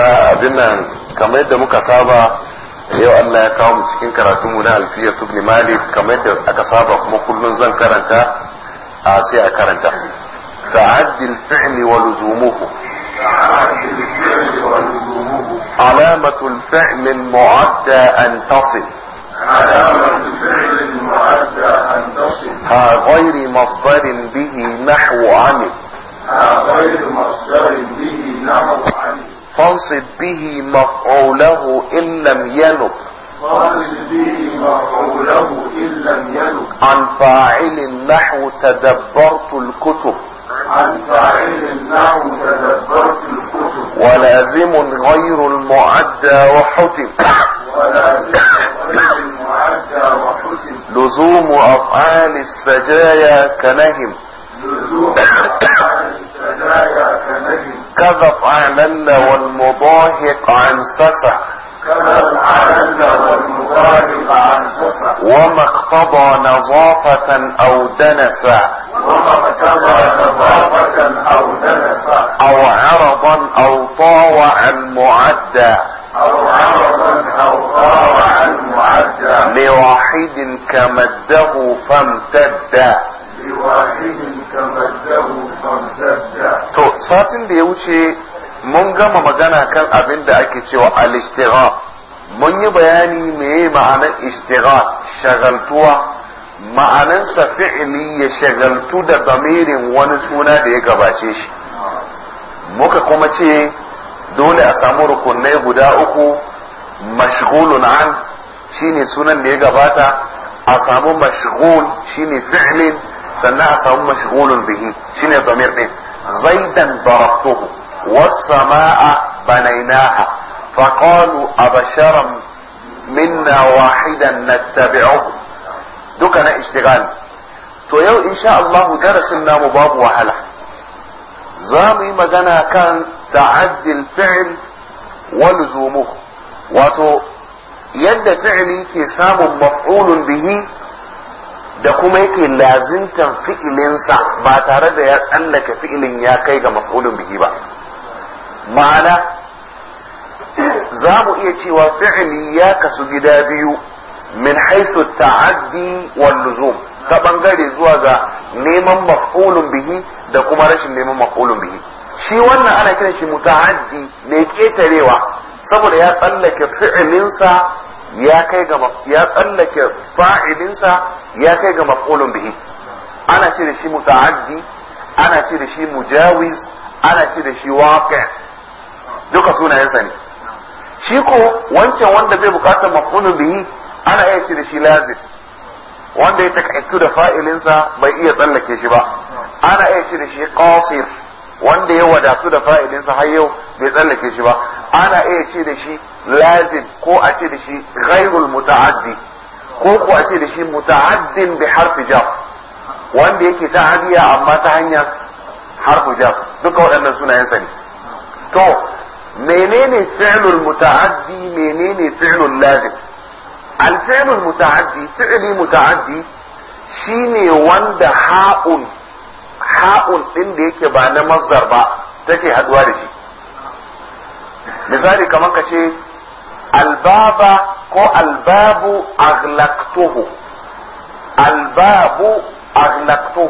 haka abin nan kamar yadda muka saba yau Allah ya kawo cikin karatu mu na alfiya tubni malik kamar yadda aka saba kuma kullun zan karanta a sai a karanta ta'addil fi'li wa luzumuhu علامة الفعل المعدى أن تصل علامة الفعل المعدى أن تصل ها غير مصدر به نحو عمل ها غير مصدر به فانصب به مفعوله إن لم ينب عن فاعل نحو تدبرت الكتب عن فاعل نحو تدبرت الكتب ولازم غير المعدى وحتم ولازم غير المعدى وحتم لزوم أفعال السجايا كنهم لزوم كذب عملنا والمضاهق عن سسع كذب عملنا والمضاهق عن سسع وما اقتضى نظافة أو دنسا وما اقتضى نظافة أو دنسا أو عرضا أو طاوعا معدا أو عرضا أو طاوعا معدا لواحد كمده فامتد لواحد satin da ya wuce mun gama magana kan abin da ake cewa al mun yi bayani meye ma'anar istigha shagaltuwa ma'anansa fi'ili ya shagaltu da damirin wani suna da ya gabace shi muka kuma ce dole a samu rukunai guda uku mashghulun an shine sunan da ya gabata a samu mashghul shine fi'lin sannan a samu mashghulun bihi shine damir ɗin. زيدا بركته والسماء بنيناها فقالوا ابشرا منا واحدا نتبعه دكنا اشتغال تو يو ان شاء الله درسنا مباب وهلا زامي مجانا كان تعدي الفعل ولزومه واتو يد فعلي كسام مفعول به da kuma yake lazimtan fi'ilinsa ba tare da ya tsallaka fi'ilin ya kai ga maf'ulun bihi ba ma'ana za mu iya cewa fi'ili ya kasu gida biyu min haisu ta'addi wal luzum ta bangare zuwa ga neman maf'ulun bihi da kuma rashin neman maf'ulun bihi shi wannan ana kiran shi muta'addi mai ketarewa saboda ya tsallake fi'ilinsa ya kai ga ya tsallake fa'ilinsa ya kai ga maf'ulun bihi ana ce da shi muta'addi ana ce da shi mujawiz ana ce da shi waqi duka sunayensa ne shi ko wancan wanda zai bukatar maf'ulun bihi ana iya ce da shi lazim wanda ya takaitu da fa'ilinsa bai iya tsallake shi ba ana iya ce da shi qasir wanda ya wadatu da fa'ilinsa har yau bai tsallake shi ba ana iya ce da shi lazim ko a ce da shi ghairul muta'addi ko ko a ce da shi muta'addin bi harfi jar wanda yake ta hadiya amma ta hanya harfu jar duka waɗannan sunayen sa sani to menene fi'lul muta'addi menene fi'lul lazim al fi'lul muta'addi fi'li muta'addi shine wanda ha'un ha'un din da yake ba na mazdar ba take haduwa da shi misali kamar ka ce الباب كو الباب اغلقته الباب اغلقته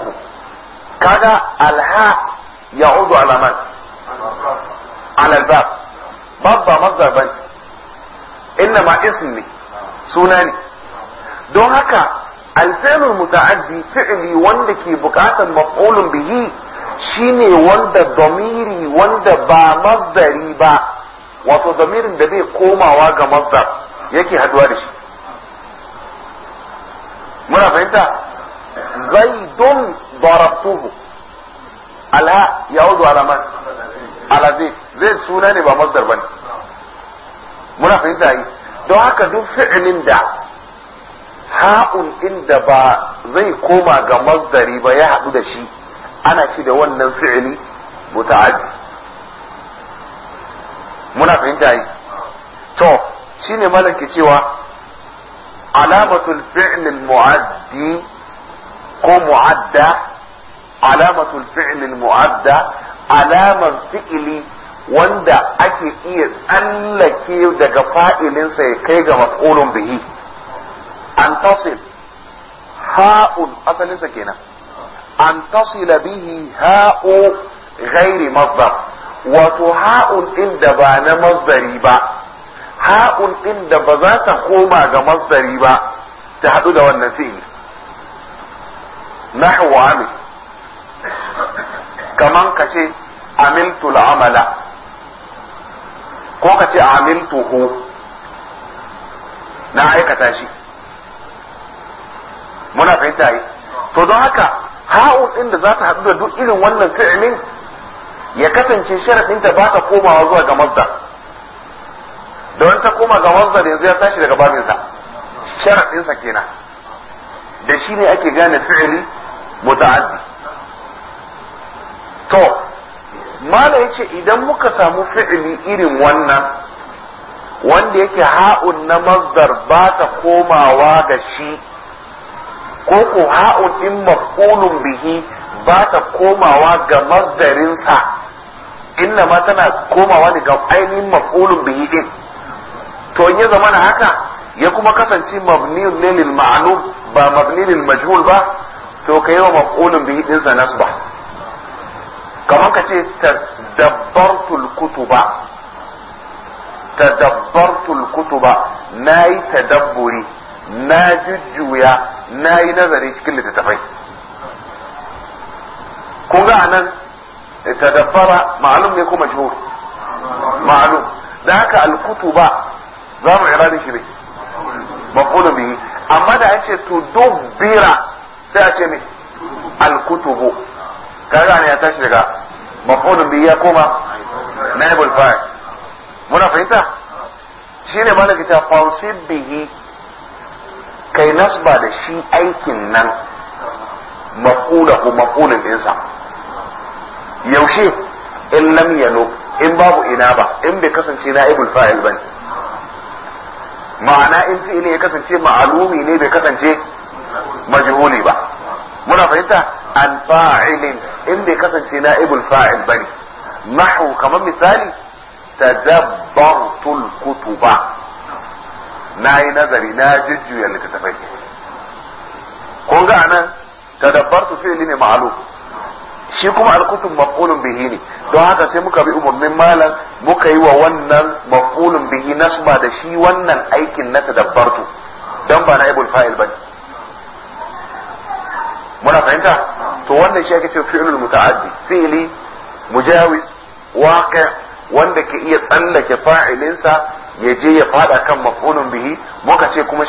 كذا الهاء يعود على من على الباب باب مصدر بني انما اسمي سوناني دون هكا الفعل المتعدي فعلي وندك بكاتا مفعول به شيني وند ضميري وند با مصدري با wato zamirin da bai komawa ga masdar yake haduwa da shi muna fahimta zaidun darabtuhu Ala ya wuzu alamar ala zai zai suna ne ba masdar ba ne. muna fahimta yi don haka duk fi'ilin da ha'un inda ba zai koma ga masdari ba ya haɗu da shi ana ci da wannan fi'ili muta'addi muna fahimta yi to shine malam ke cewa alamatul mu'addi ko mu'adda alamatul fi'l mu'adda alamar fi'ili wanda ake iya tsallake daga fa'ilinsa ya kai ga maf'ulun bihi an tasil ha'un asalinsa kenan an tasila bihi ha'u ghairi masdar wato ha'un inda ba na masdari ba ha'un inda ba za ta koma ga masdari ba ta haɗu da wannan fi'il nahwu amil kaman ka ce amiltu la'amala. ko ka ce amiltuhu na aikata shi muna fahimta yi to don haka ha'un inda za ta haɗu da duk irin wannan fi'ilin ya kasance sharafinta ba ta komawa zuwa ga mazdar don ta koma ga mazdar yanzu ya tashi daga babinsa Sharafinsa kenan da shi ne ake gane fi'ili muta'addi to mala ya ce idan muka samu fi'ili irin wannan wanda yake ha'un na mazdar ba ta komawa ga shi ko ko ha'un in maf'ulun bihi ba ta komawa ga sa inna ma tana komawa ne ga ainihin maf'ulun bihi din to in ya zama na haka ya kuma kasance mabniyun ne lil ma'lum ba mabni majhul ba to kai wa maf'ulun bihi din sa nasba kamar ka ce tadabbartul kutuba tadabbartul kutuba nayi tadabburi na jujjuya Na yi nazari cikin littattafai kun ga anan tadabbara ma'alum ne ko majhul ma'alum da haka al-kutuba za mu irani shi ne maqulu bi. amma da an ce tudubbira sai a ce ne al-kutubu kaga ne ya tashi daga maqulu bi ya koma naibul fa'il muna fahimta shine malaka ta fansib bihi kai nasba da shi aikin nan maqulahu maqulun insa yaushe in lam yalo in babu ina ba in bai kasance na'ibul fa'il bane ma'ana in fi'ili ya kasance ma'alumi ne bai kasance majhuli ba muna fahimta an fa'ilin in bai kasance na'ibul fa'il bane nahu kamar misali tadabbartul kutuba na yi nazari na jujjuya littattafai kun ga anan tadabbartu fi'ili ne ma'alum shi kuma alkutub maf'ulun bihi ne don haka sai muka bi umarnin malam muka yi wa wannan maf'ulun bihi nasba da shi wannan aikin na tadabbartu don ba na ibul fa'il bane muna fahimta to wannan shi ake cewa fi'lul muta'addi fi'li mujawiz waqi wanda ke iya tsallake fa'ilinsa ya je ya fada kan maf'ulun bihi muka ce kuma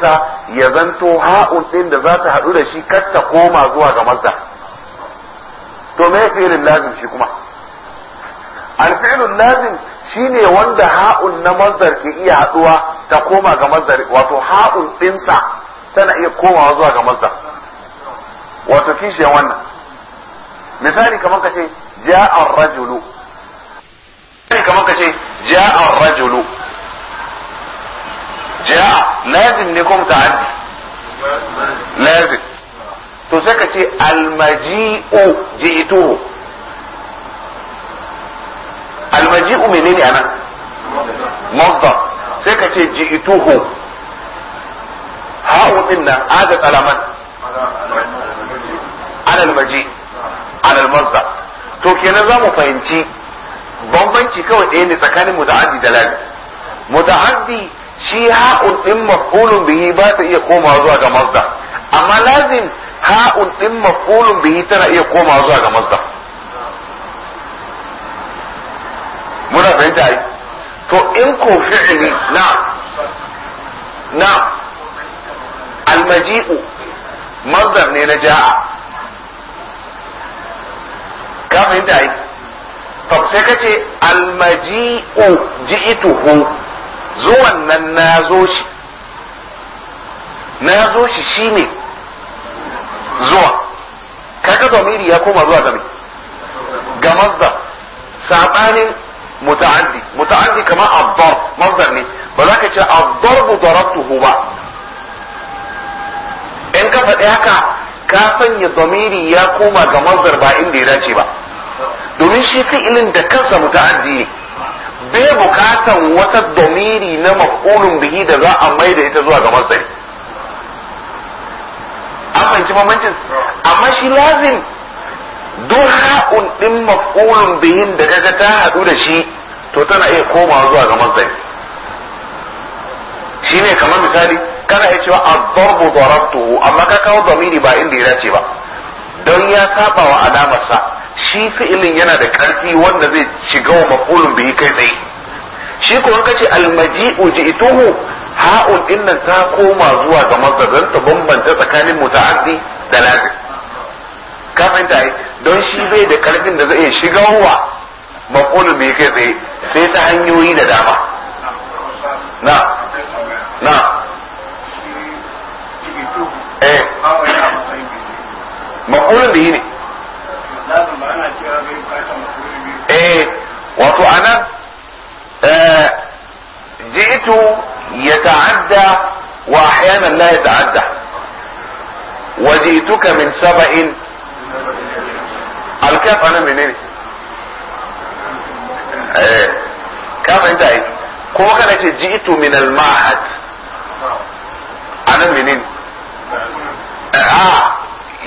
sa ya zanto ha'un ɗin da za ta haɗu da shi kar ta koma zuwa ga masdar to me fi'ilin lazim shi kuma alfi'ilun lazim shine wanda ha'un na mazdar ke iya haduwa ta koma ga mazdar wato ha'un dinsa tana iya komawa zuwa ga mazdar wato kishi wannan misali kamar kace ja'a rajulu misali kamar kace ja'a rajulu ja'a lazim ne ko muta'addi lazim to sai ka ce almaji'u ji'tuhu almaji'u menene anan Mazda. sai ka ce ji'tuhu ha'u din nan adat alaman alal almaji. alal almazda. to kenan za mu fahimci bambanci kawai ɗaya ne tsakanin mu da da Mu da muta'addi shi ha'un din maf'ulun bihi ba ta iya komawa zuwa ga mazda. amma lazim ha'un din maf'ulun bihi tana iya koma zuwa ga masdar muna fahimta ai to in ko fi'li na na almaji'u masdar ne na ja'a ka fahimta ai to sai kace almaji'u ji'ituhu zuwan nan na zo shi na zo shi shine zuwa kaga domiri ya koma zuwa ga mai ga mazda sabanin muta'addi muta'addi kamar abdar mazdar ne ba za ka ce bu darabtuhu ba in ka faɗi haka ka sanya domiri ya koma ga mazdar ba inda ya dace ba domin shi fi'ilin da kansa muta'addi ne bai bukatan wata domiri na maf'ulun bihi da za a maida ita zuwa ga mazdari an fahimci bambancin amma shi lazim duk ha'un din maf'ulun bihin da kaga ta hadu da shi to tana iya komawa zuwa ga Shi shine kamar misali kana iya cewa ad-darbu darabtuhu amma ka kawo zamiri ba inda ya dace ba don ya saba wa alamarsa shi fi'ilin yana da karfi wanda zai shiga wa maf'ulun bihi kai tsaye shi ko ka kace al-maji'u ji'tuhu ha'un din nan ta koma zuwa ga mazdar ta bambanta tsakanin muta'addi da lazim ka fahimta ai don shi bai da karfin da zai shigarwa maqulu bai kai tsaye sai ta hanyoyi da dama na na eh da yi ne eh wato anan يتعدى واحيانا لا يتعدى وجئتك من سبع الكاف انا من ايه كاف انت ايه كما كان جئت من المعهد انا من ايه اه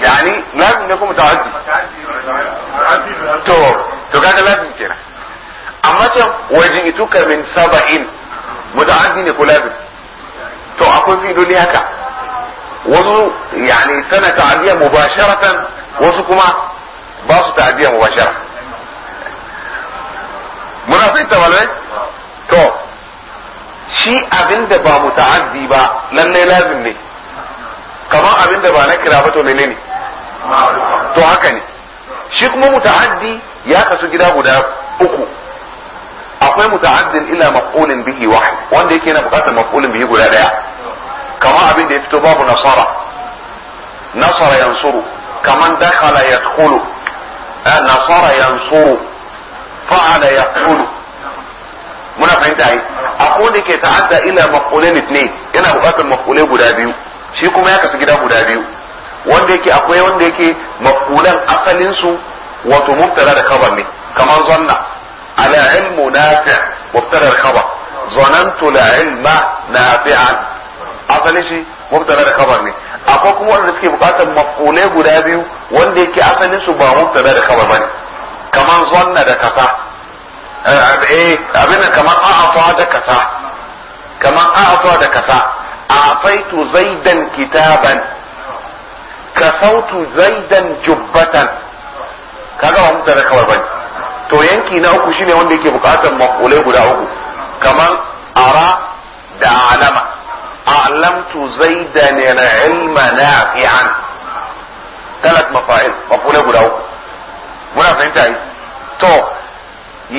يعني لازم نكون متعدي تو تو كان لازم كده اما وجئتك من سبع متعدي نكون لازم to akwai filoli haka wasu yani tana ta'adiyya mubasharatan wasu kuma ba su ta'adiyya mubashara muna ta malamai to shi abin da ba muta'addi ba lallai lazim ne kamar abin da ba na kira ba to ne to haka ne shi kuma muta'addi ya kasu gida guda uku akwai muta'addin ila maf'ulin bihi wahid wanda yake na bukatar maf'ulin bihi guda daya kama abin da ya fito babu nasara nasara yansuru kaman dakhala yadkhulu nasara yansuru fa'ala yaqulu muna fahimta ai akwai da ke ta'adda ila maqulain ne yana buƙatar maqulai guda biyu shi kuma ya kasu gida guda biyu wanda yake akwai wanda yake maqulan asalin su wato mubtala da khabar ne kaman zanna ala ilmu nafi' mubtala da khabar zanantu la ilma nafi'an asalin shi mubtada da khabar ne akwai kuma wanda suke bukatar maf'ulai guda biyu wanda yake asalin su ba mubtada da khabar bane kaman zanna da kasa eh, eh abin kaman a'afa da kasa kaman a'afa da kasa a'faitu zaidan kitaban kasautu zaidan jubbatan kaga ba mubtada da khabar bane to yanki na uku shine wanda yake bukatar maf'ulai guda uku kaman ara da alama علمت زيدا العلم نافعا ثلاث مفاعيل مفعول غدا uku muna fahimta yi to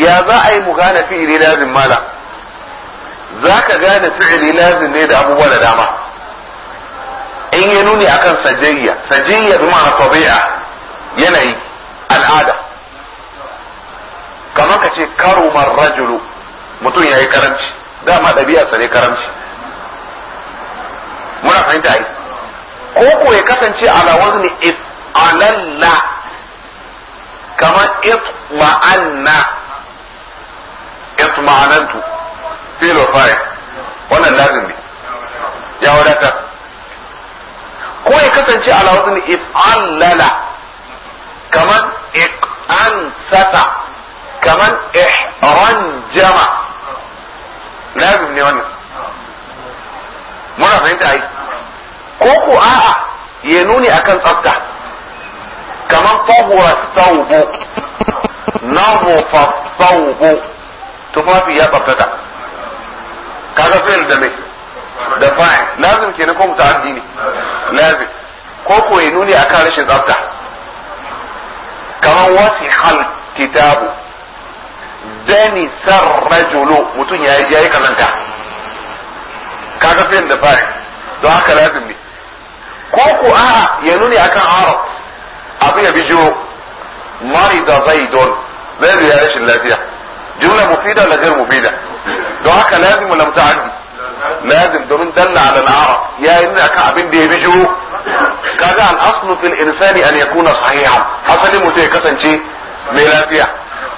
ya za a yi mu gane fi'ili lazim mala za ka gane fi'ili lazim ne da abubuwa da dama in ya nuni akan sajayya sajayya bi ma'ana tabi'a yanayi al'ada kamar ka ce karumar rajulu mutum ya yi karamci dama ɗabi'a sa ne karamci muna fahimta ai ko ko ya kasance ala wazni if'alanna kamar itma'anna itma'anantu fil fa'il wannan lazim ne ya wadata ko ya kasance ala wazni if'alala kamar iqansata ya nuni akan tsafta kamar fahuwa saubu nahufa saubu tufafi ya tsaftata kaga fayil da mai da fa'in lazim kenan ko muta'addi ne lazim ko ko ya nuni akan rashin tsafta kamar wasi hal kitabu dani sarrajulu mutum ya yi kazanta kaga fayil da fa'in don haka lazim ne ko ku a'a ya nuni akan arab abu ya bijo mari marida zaidun zaidu ya rashin lafiya jumla mufida la gar mufida don haka lazim wa lam ta'addi lazim domin dalla ala al-arab ya yi akan abin da ya bijo kaga al-aslu fil insani an yakuna sahihan asali mutum ya kasance mai lafiya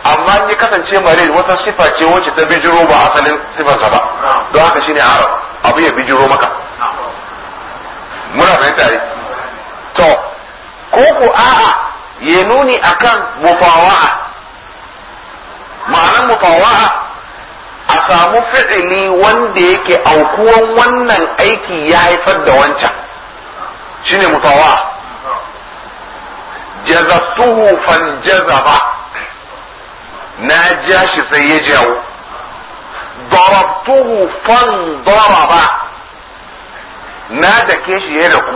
amma in ya kasance mare wata sifa ce wacce ta bijiro ba asalin sifarsa ba don haka shine arab abu ya bijiro maka muna fahimta ne to ko ku a'a ya nuni akan mufawa'a ma'anar mufawa'a a samu fi'ili wanda yake aukuwan wannan aiki ya haifar da wancan shine mufawa'a jazabtuhu jazaba na ja shi sai ya jawo ضربته فانضرب na da ke shi da ku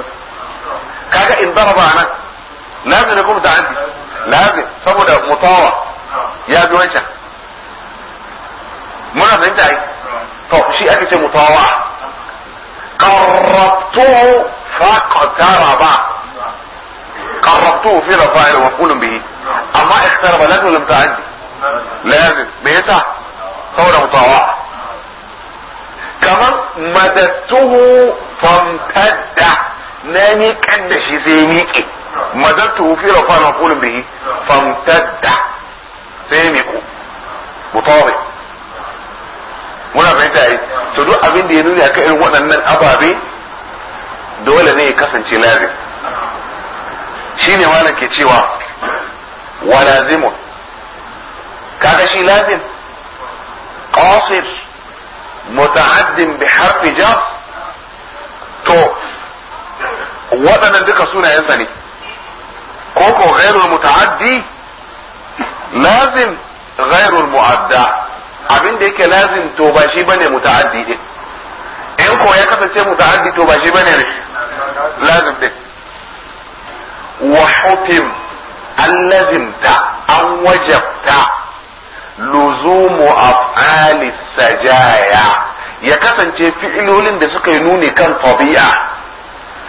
kaga in ba ba nan Na kuma da kuma na zai saboda mutawa ya bi wancan muna ta yi to shi ake ce mutawa qarrabtuhu ba. Karabtu fi rafa'il wa qulun bihi amma ikhtaraba lazim lam ta'addi lazim me yasa saboda mutawa kamar madattuhu فامتد نامي قد شي زي ميقي مددته في رفع مفعول به Famtadda. sai miko mutawari muna fahimta ai to duk abin da ya nuni akan irin waɗannan ababe dole ne ya kasance lazim shine malam ke cewa wa lazimun kaga shi lazim qasir muta'addin bi harfi to waɗannan duka sunayensa ne ko ko ghairul muta'addi lazim ghairul mu'adda abin da yake lazim to ba shi bane muta'addi din in ko ya kasance muta'addi to ba shi bane ne lazim din wa hukm allazim ta an wajabta luzumu af'ali sajaya ya kasance fi'ilolin da suka yi nuni kan tabi'a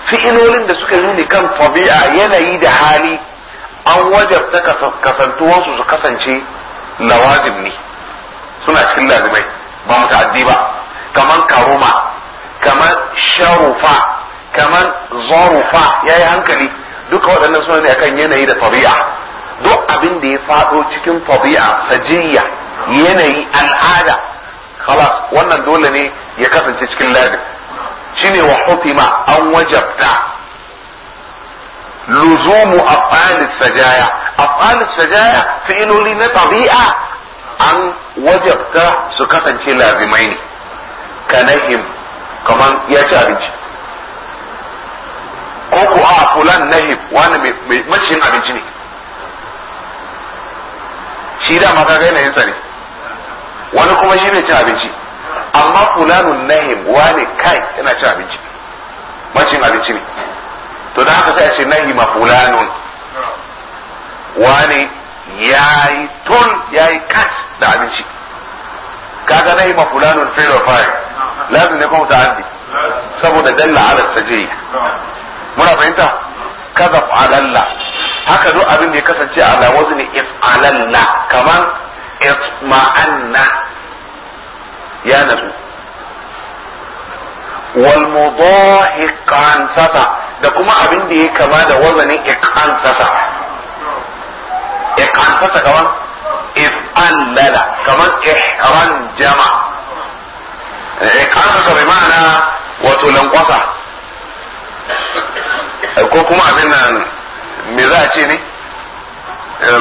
fi'ilolin da suka yi nuni kan tabi'a yanayi da hali an wajabta kasantuwarsu su kasance lawazim ne suna cikin lazimai ba ta'addi ba kaman karuma kaman sharufa kaman zarufa yayi hankali duka waɗannan suna ne akan yanayi da tabi'a duk abin da ya faɗo cikin tabi'a sajiyya yanayi al'ada kala wannan dole ne ya kasance cikin ladin shine wa hutima an wajabta luzumu af'al sajaya af'al sajaya fi'iloli na tabi'a an wajabta su kasance lazimai ne kanahim kaman ya ci abinci ko ku a fulan nahib wani mai maciyin abinci ne shi dama kaga yanayinsa ne wani kuma shi ne cin abinci amma fulanun nahim wani kai yana cin abinci macin abinci ne to da haka sai a ce ma fulanun wani ya yi tun ya yi kat da abinci kaga ma fulanun fero fari fire lazim ne kuma ta'addi saboda dalla ala yi. muna fahimta kaza alalla haka duk abin da ya kasance ala wazni if alalla kaman اطمأن يا نسو والمضاهق عن سطع da kuma abin da ya kama da wazanin ikan sasa ikan sasa kaman if'an lala kaman ihran jama ikan sasa bai ma'ana wato lankwasa ko kuma abin nan me za a ce ne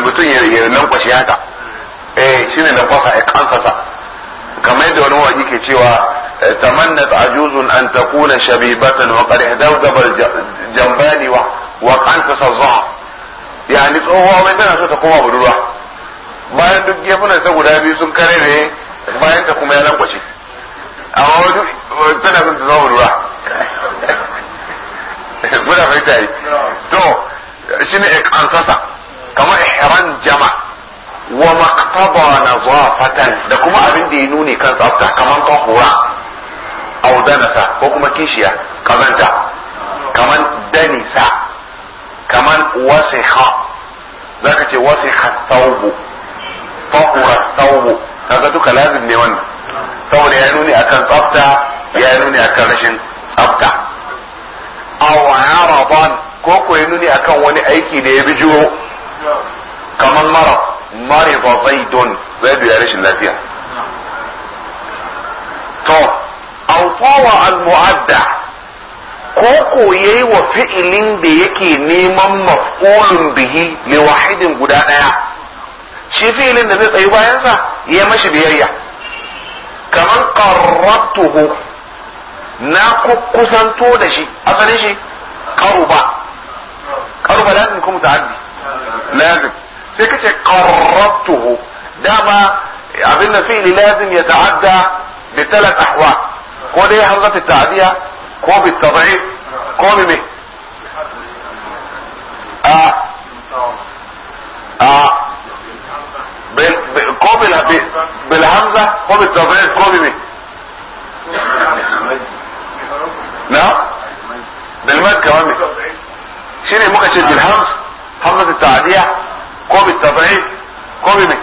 mutum ya lankwashe haka ya kansasa kamar yadda wani wani ke cewa tamannat ajuzun an takuna shabibatan wa qad ihdawdaba jambani wa wa qansasa zaha yani tsohuwa mai tana so ta koma budurwa bayan duk gefunan ta guda biyu sun kare ne bayan ta kuma ya lankwace amma wani tana son ta zama budurwa guda fahimta yi to shi shine ikansasa kamar ihran jama'a وما ومكتبا نظافة لكم أبن دينوني كانت أبتع كمان طهورا أو دنسا وكما كيشيا كمان تا كمان دنسا كمان وسخا ذاك تي الثوب طهور الثوب كذلك لازم نيوان ثوب يعنوني أكان أبتع يعنوني أكان أبتع أو عرضان كوكو ينوني أكان واني أيكي ليبجو كمان مرض mariba don zaidu ya rashin lafiya to an fawa al-mu'adda ko ko yayi wa fi'ilin da yake neman maf'ulun bihi li wahidin guda daya shi fi'ilin da zai tsayi bayansa ya mashi biyayya kaman qarrabtuhu na kusanto da shi asalin shi karuba karuba lazim kuma ta'addi lazim sai kace qarrabtuhu dama abin da fi'li lazim ya ta'adda bi thalath ahwa ko dai hamzat ta'diya ko bi tad'if ko bi me a a ko bil bil hamza ko bi tad'if ko bi me na بالمد كمان شنو ممكن تشد الهمز همزه التعديه كوبي التضعيف كوبي من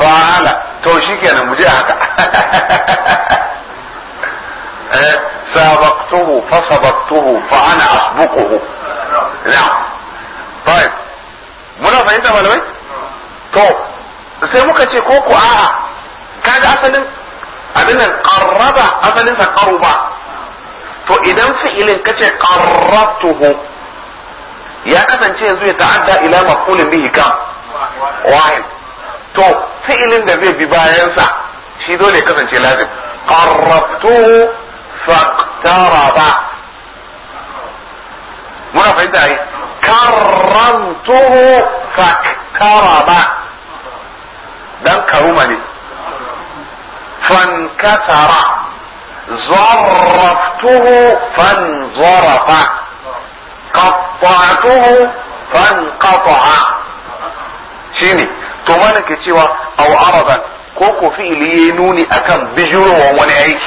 fa'ala to shi kenan mu je haka سابقته فسبقته فانا اسبقه نعم طيب muna fahimta malamai to sai muka ce ko ku a'a kaga asalin abin nan qarraba asalin sa qaruba to idan fi'ilin kace qarrabtuhu ya kasance yanzu ya ta'adda ila maf'ulin bihi ka wahid to fi'ilin da zai bi bayansa shi dole ya kasance lazim qarrabtuhu faqtaraba muna fahimta ai karramtuhu faqtaraba dan karuma ne fankatara ظرفته فانظرف قطعته فانقطع شيني تمانا كتوا او عربا كوكو في لينوني اكم بجلو ومنعيك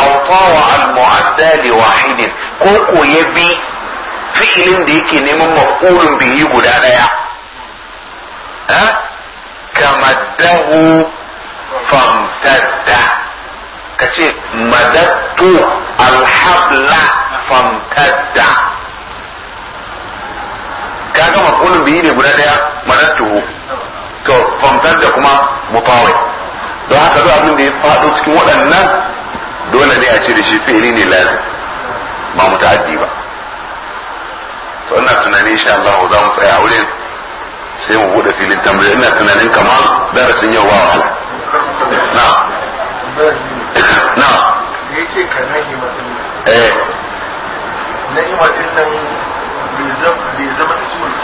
او طاوع المعدى لواحد كوكو يبي فعل ديكي نمو مفقول به قدانا يا ها كمده فامتده ka ce madattu alhabla famtadda ka ga mafulun biyu ne guda daya madattu to famtadda kuma mufawai don haka duk abin da ya faɗo cikin waɗannan dole ne a ce da shi fi'ili ne lazim ba muta'addi ba to ina tunanin insha Allah za mu tsaya wurin sai mu bude filin tambaya ina tunanin kamar darasin yau ba wahala na na ya ka nahi eh nahi bai zama ta sumul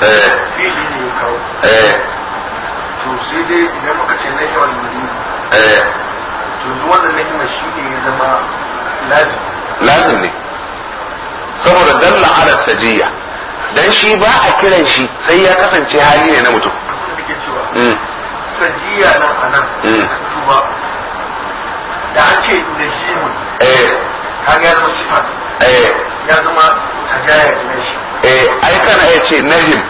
eh ne ya eh to sai dai idan muka ce nahi matsalin eh to nahi shi ne ya zama lazim lazim ne saboda dalla ala jiya. dan shi ba a kiran shi sai ya kasance hali ne na mutum jiya nan a nan tuba eh. da ake da jimu eh. Ka ya zama sifan eh. ya zama tagaya ne shi eh ai kana ya ce nahim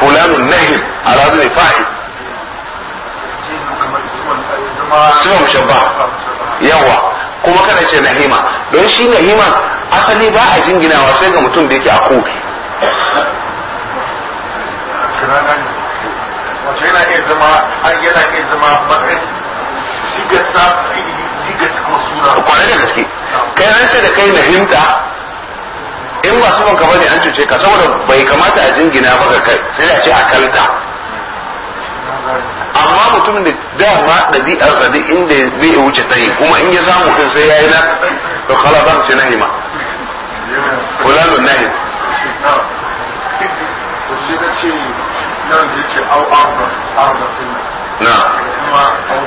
fulanun nahim alazu ne fa'il sifan mushabba yawa kuma kana ce nahima don shi nahima asali ba a jinginawa sai ga mutum da yake a kofi zama an yana iya zama matsayin shigar sa shigar suna kwarai da gaske kai an ce da kai na hinta in ba sunan ka bane an cuce ka saboda bai kamata a jingina maka kai sai a ce a kalta amma mutumin da dama ɗabi'ar sa duk inda zai wuce tsaye kuma in ya samu din sai yayi na to kala zan ce nahi ma fulanun nahi nan da yake au arba arba din na kuma au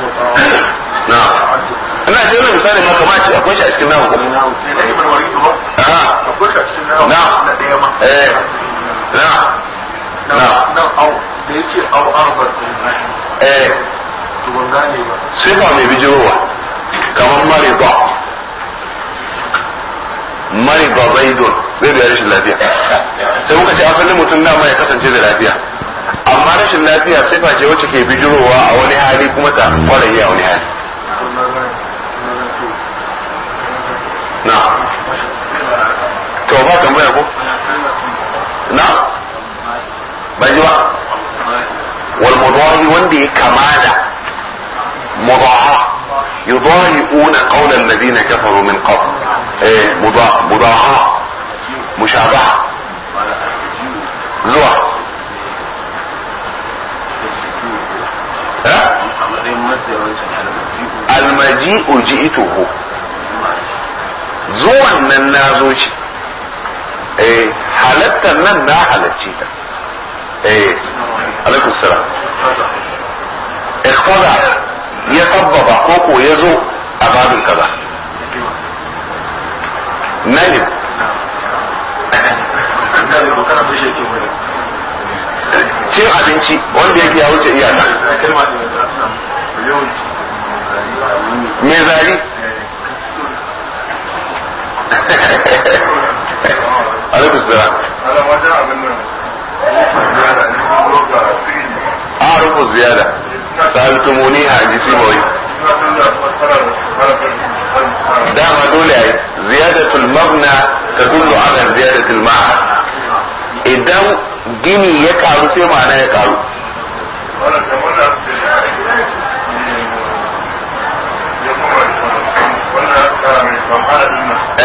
na ina ji irin misali ma kamar ce akwai shi a cikin nawo ah. a cikin na mai ba bai don zai rashin lafiya sai muka ce asalin mutum dama ya kasance da lafiya amma rashin lafiya sifa ce wacce ke bijirowa a wani hali kuma ta kwarayi a wani hali na to ba tambaya ko na ba ji ba wal mudawi wanda ya kamada da mudaha yudahi'una qawla alladhina kafaru min qabl eh mudaha mushabaha zuwa almaji'u ji'ituhu zuwan nan na zo shi eh halattar nan na halacci ta eh alaikum salam ikhtada ya sabbaba ko ko ya zo a babin kaza nalim cin abinci wanda yake ya wuce iyaka me zari alaikus da أعرف زيادة سألتمونيها عن جسيموي دام دولة زيادة المبنى تدل على زيادة المعنى idan gini ya karu sai ma'ana ya karu eh. kama a ce ne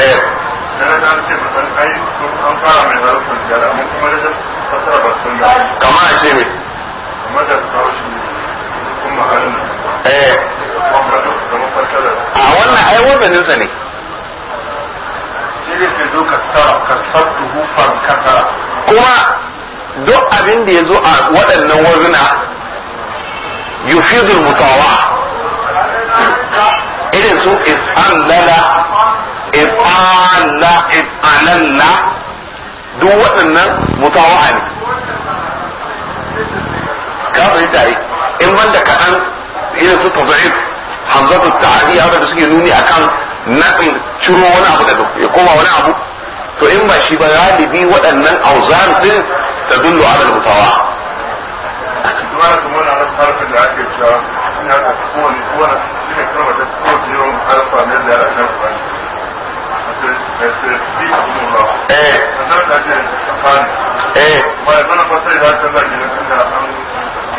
eh. a wannan ai wazaninsa ne kuma duk abin da ya zo a waɗannan wazuna yufidul mutawa irin su if'allala if'alla if'alalla duk waɗannan mutawa ne ka fahimta yi in banda kaɗan irin su taza'if hamzatu ta'adi da suke nuni akan na in ciro wani abu daga ya koma wani abu to in ba shi ba galibi waɗannan auzan din ta dullu ala mutawa eh. eh.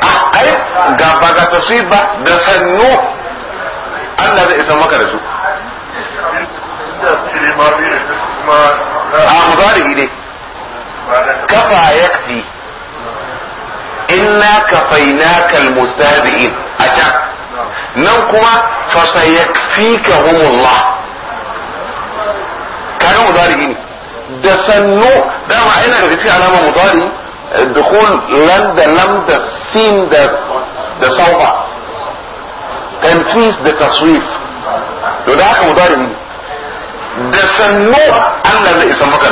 ah, ai ga ba ga tasiri ba da sannu Allah zai isa maka da su مبالغ دي كفى يكفي إنا كفيناك المستهزئين أتى ننقم فسيكفيكهم الله كان مضارعين ده سنو ده ما هنا في علامة مضارع دخول لن ده لم ده سين ده ده صوبة تنفيذ ده تصويف ده ده مضارعين da sannu Allah zai isa maka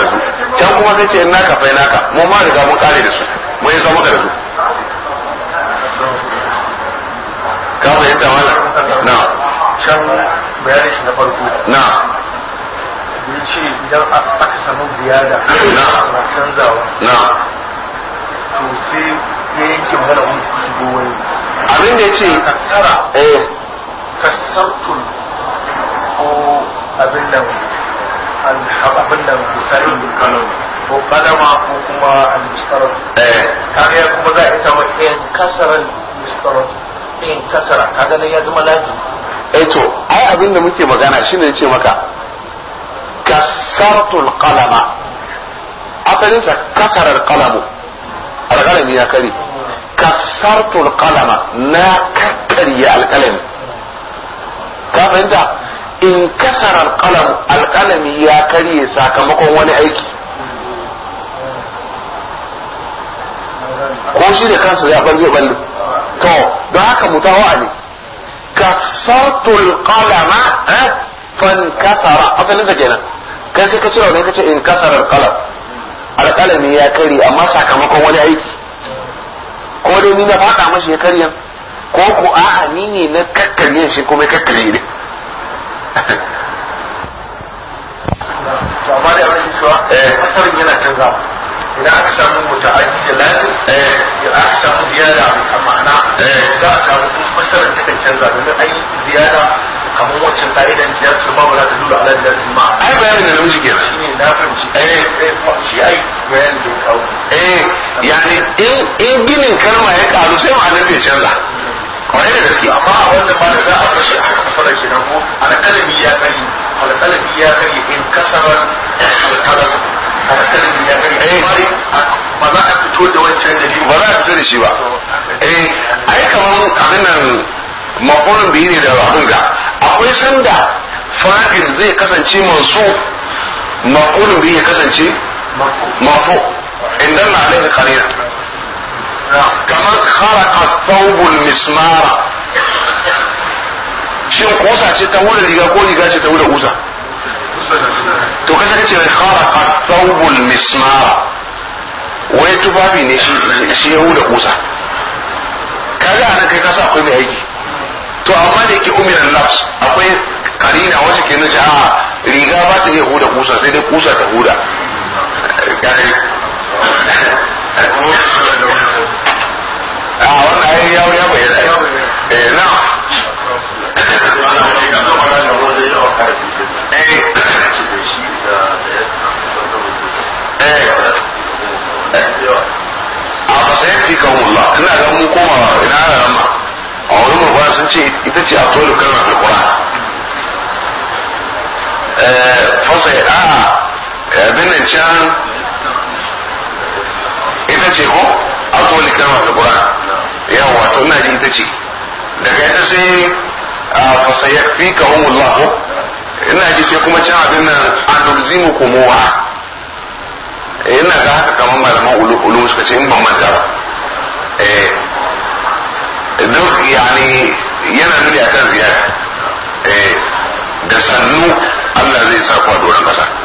da su kuma sai ce naka fai naka mu ma riga mun kare da su mun isa maka da su ka fahimta wala na can bayani shi na farko na ya ce idan aka samu ziyada na canzawa na to sai ya yanke magana wani shigo wani abin da ya ce kasara eh kasartul ko abin da wani abin da misali ko kalama ko kuma al-mustarar kaga ya kuma za a ita wa in kasarar mustarar in kasara kaga ne ya zama lazim eh to ai abin da muke magana shine ya ce maka kasartul qalama asalinsa kasarar qalamu alqalami ya kare kasartul qalama na kakkarya alqalami ka fahimta in kasarar kalam alkalami ya karye sakamakon wani aiki ko shi da kansa ya balle balle to don haka mutawa ne kasartul a fan kasara asalin sa kenan kai sai ka cire wani kace in kasarar qalam alkalami ya karye amma sakamakon wani aiki ko dai ni na fada mashi ya karya ko ku a'a ni ne na kakkarye shi kuma kakkarye ne to amma da abin cewa eh. eh, masarin yana canza idan aka samu muta'addi da lazim eh. idan aka samu ziyara a ma'ana za a samu masarin takan canza domin ai ziyara kamar wancan ka'idan ziyartu ba mu ta dula ala ziyartu ma ai bayanin da namiji kenan shine na fahimci eh shi ai bayanin da ya kawo eh yani in in ginin kalma ya karu sai ma'anar bai canza kwarai da gaske amma a wannan ma da za a fashi a kasara kenan ko alƙalami ya kari alƙalami ya kari in kasara alƙalam alƙalami ya kari eh. ba za a fito da wancan dalili ba za a fito da shi ba eh ai kamar abin nan makonin biyu ne da abin ga akwai sanda fa'il zai kasance mansu makonin biyu ya kasance mafo indan na alaihi qarina kamar kharaqa thawbul mismara shin kusa ce ta wurin riga ko riga ce ta wurin kusa to kasa kace mai kharaqa thawbul mismara wai tubabi ne shi ya wuda kusa kaga anan kai kasa akwai mai aiki to amma da yake uminan nafs akwai karina wacce ke nuna a riga ba ta iya huda kusa sai dai kusa ta huda ya ya bayyana eh na eh. eh. a matsayin ina ga koma ina da rama a wani murba sun ce ita ce a tolu kan rafi kura eh, fasai a nan can ita ce ko a tolu kan rafi yawa wato ina jin tace daga yadda sai a fa sayakfika Allah ina ji sai kuma cin abin nan anulzimu kumuwa eh, ina ga haka kamar malaman ulu suka ce in ban manta ba eh duk yani yana nuni kan ziyara eh, da sannu Allah zai sa ku a doron kasa